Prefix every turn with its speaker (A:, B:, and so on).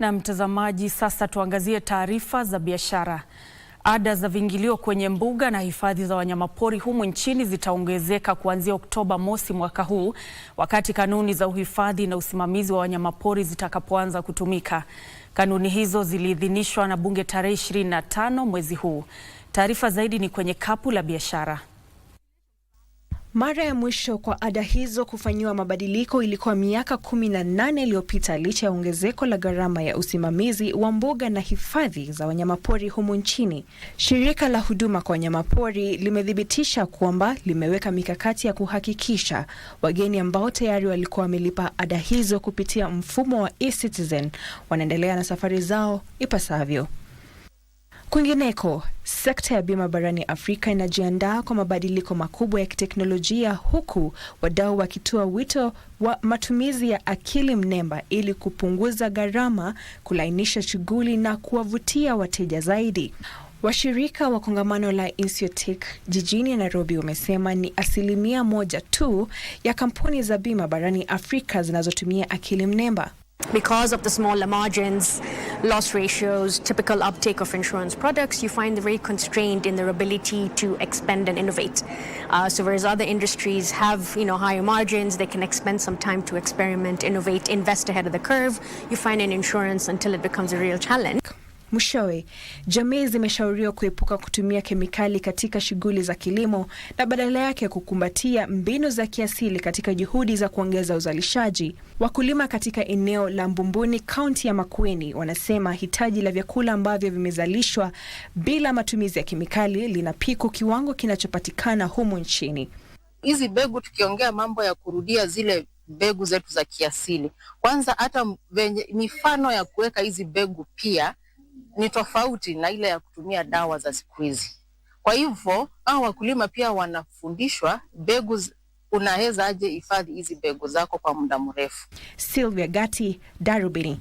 A: Na mtazamaji, sasa tuangazie taarifa za biashara. Ada za viingilio kwenye mbuga na hifadhi za wanyamapori humu nchini zitaongezeka kuanzia Oktoba mosi mwaka huu, wakati kanuni za uhifadhi na usimamizi wa wanyamapori zitakapoanza kutumika. Kanuni hizo ziliidhinishwa na bunge tarehe 25 mwezi huu. Taarifa zaidi ni kwenye kapu la biashara. Mara ya mwisho kwa ada hizo kufanyiwa mabadiliko ilikuwa miaka 18 iliyopita licha ya ongezeko la gharama ya usimamizi wa mbuga na hifadhi za wanyamapori humu nchini. Shirika la huduma kwa wanyamapori limethibitisha kwamba limeweka mikakati ya kuhakikisha wageni ambao tayari walikuwa wamelipa ada hizo kupitia mfumo wa eCitizen wanaendelea na safari zao ipasavyo. Kwingineko, sekta ya bima barani Afrika inajiandaa kwa mabadiliko makubwa ya kiteknolojia huku wadau wakitoa wito wa matumizi ya akili mnemba ili kupunguza gharama, kulainisha shughuli na kuwavutia wateja zaidi. Washirika wa kongamano la Insurtech jijini Nairobi wamesema ni asilimia moja tu ya kampuni za bima barani Afrika zinazotumia akili mnemba.
B: because of the smaller margins, loss ratios, typical uptake of insurance products, you find they're very constrained in their ability to expand and innovate. Uh, so whereas other industries have you know higher margins, they can expend some time to experiment, innovate, invest ahead of the curve. You find in insurance until it becomes a real challenge.
A: Mwishowe, jamii zimeshauriwa kuepuka kutumia kemikali katika shughuli za kilimo na badala yake kukumbatia mbinu za kiasili katika juhudi za kuongeza uzalishaji. Wakulima katika eneo la Mbumbuni, kaunti ya Makueni, wanasema hitaji la vyakula ambavyo vimezalishwa bila matumizi ya kemikali linapiku kiwango kinachopatikana humu nchini.
C: Hizi mbegu tukiongea mambo ya kurudia zile mbegu zetu za kiasili, kwanza hata mifano ya kuweka hizi mbegu pia ni tofauti na ile ya kutumia dawa za siku hizi. Kwa hivyo hao wakulima pia wanafundishwa mbegu unaweza aje hifadhi hizi mbegu zako kwa muda mrefu.
A: Sylvia Gati, Darubini.